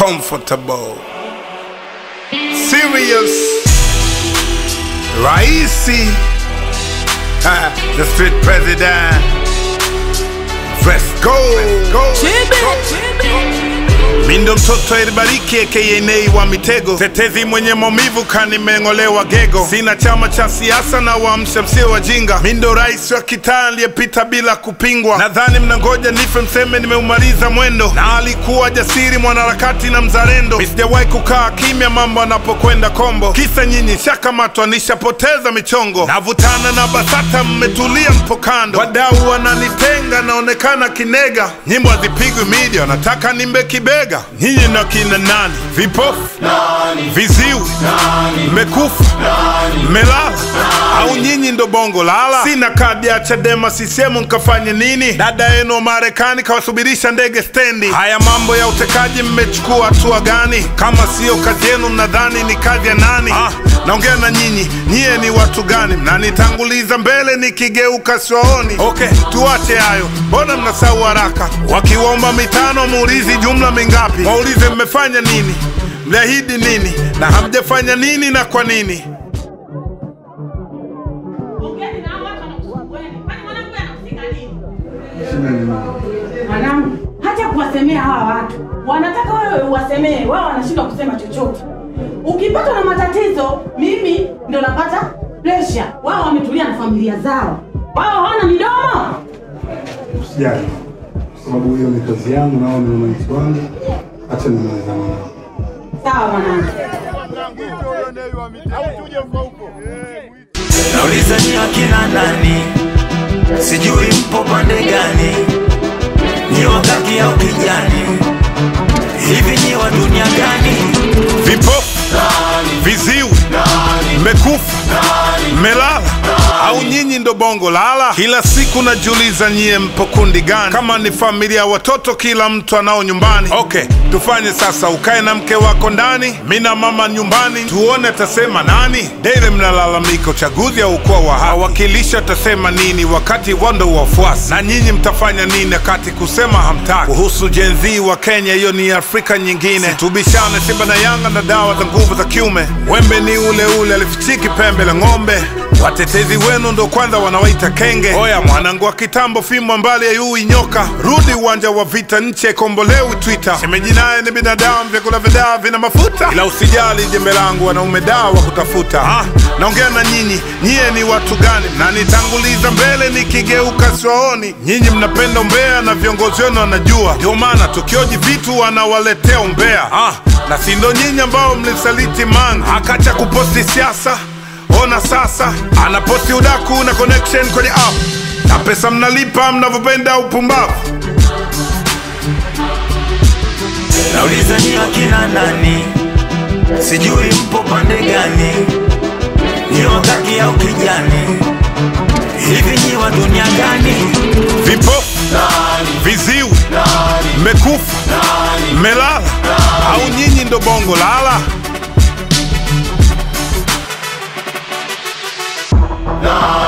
comfortable. Serious, Raisi, the street president. Fresco, go, go, go, go. Mindo mtoto Eribariki aka wa mitego, tetezi mwenye maumivu kanimeng'olewa gego, sina chama cha siasa na waamsha msie wajinga, mindo rais wa kitaa aliyepita bila kupingwa, nadhani mnangoja nife mseme nimeumaliza mwendo, na alikuwa jasiri mwanaharakati na mzalendo, misijawahi kukaa kimya mambo anapokwenda kombo, kisa nyinyi shakamatwa nishapoteza michongo, navutana na BASATA mmetulia mpo kando, wadau wananitenga anaonekana kinega, nyimbo hazipigwi media, nataka nimbe kibega. Nyinyi na kina nani? Vipofu nani? Viziwi nani? Mekufu? nani? mela au nyinyi ndo bongo lala? Sina kadi ya Chadema sisemu, nkafanye nini? Dada yenu wa Marekani kawasubirisha ndege stendi. Haya mambo ya utekaji, mmechukua hatua gani? Kama siyo kazi yenu, mnadhani ni kazi ya nani? Ah, naongea na nyinyi, nyiye ni watu gani? Mnanitanguliza mbele nikigeuka siwaoni. Okay, tuache hayo, mbona mnasahau haraka? Wakiomba mitano, muulizi jumla mingapi, waulize mmefanya nini, mliahidi nini na hamjafanya nini na kwa nini? Mwanangu, hata kuwasemea hawa watu wanataka wewe uwasemee, wao wanashindwa kusema chochote. Ukipatwa na matatizo, mimi ndo napata presha, wao wametulia na familia zao, wao hawana midomo. Usijali, kwa sababu hiyo ni kazi yangu na wao ni wananchi wangu, acha nimaliza mwanangu. Sawa mwanangu. Naulizani akina nani sijui mpo pande gani, ni wakati au kijani? Hivi ni wa dunia gani? Vipo viziwi, mmekufa, melala au nyinyi ndo bongo lala? Kila siku najiuliza nyie mpo kundi gani? Kama ni familia watoto, kila mtu anao nyumbani. Okay, tufanye sasa, ukae na mke wako ndani, mi na mama nyumbani, tuone atasema nani. Dele mnalalamika uchaguzi kuwa wa haki, wakilisha atasema nini wakati wando wafuasi, na nyinyi mtafanya nini akati kusema hamtaki? Kuhusu jenzi wa Kenya, hiyo ni Afrika nyingine. Situbishane Simba na Yanga na dawa za nguvu za kiume, wembe ni ule ule, alifichiki pembe la ng'ombe. Watetezi wenu ndo kwanza wanawaita kenge. Oya mwanangu wa kitambo, fimbo mbali ya yui nyoka, rudi uwanja wa vita, nche kombolewi Twitter. Shemeji naye ni binadamu, vyakula vya vina mafuta, ila usijali jembe langu, wanaume wa kutafuta. Ah. naongea na nyinyi, nyiye ni watu gani? na nitanguliza mbele nikigeuka swaoni. Nyinyi mnapenda umbea na viongozi wenu wanajua, ndio maana tukioji vitu wanawaletea umbea. Ha, ah. na sindo nyinyi ambao mlisaliti manga akacha kuposti siasa ona sasa anaposti udaku na connection kwenye app na pesa mnalipa mnavyopenda upumbavu nauliza ni wakina nani sijui mpo pande gani ni wakati au kijani hivi nyi wa dunia gani vipo viziwi mekufu melala au nyinyi ndo bongo lala la No.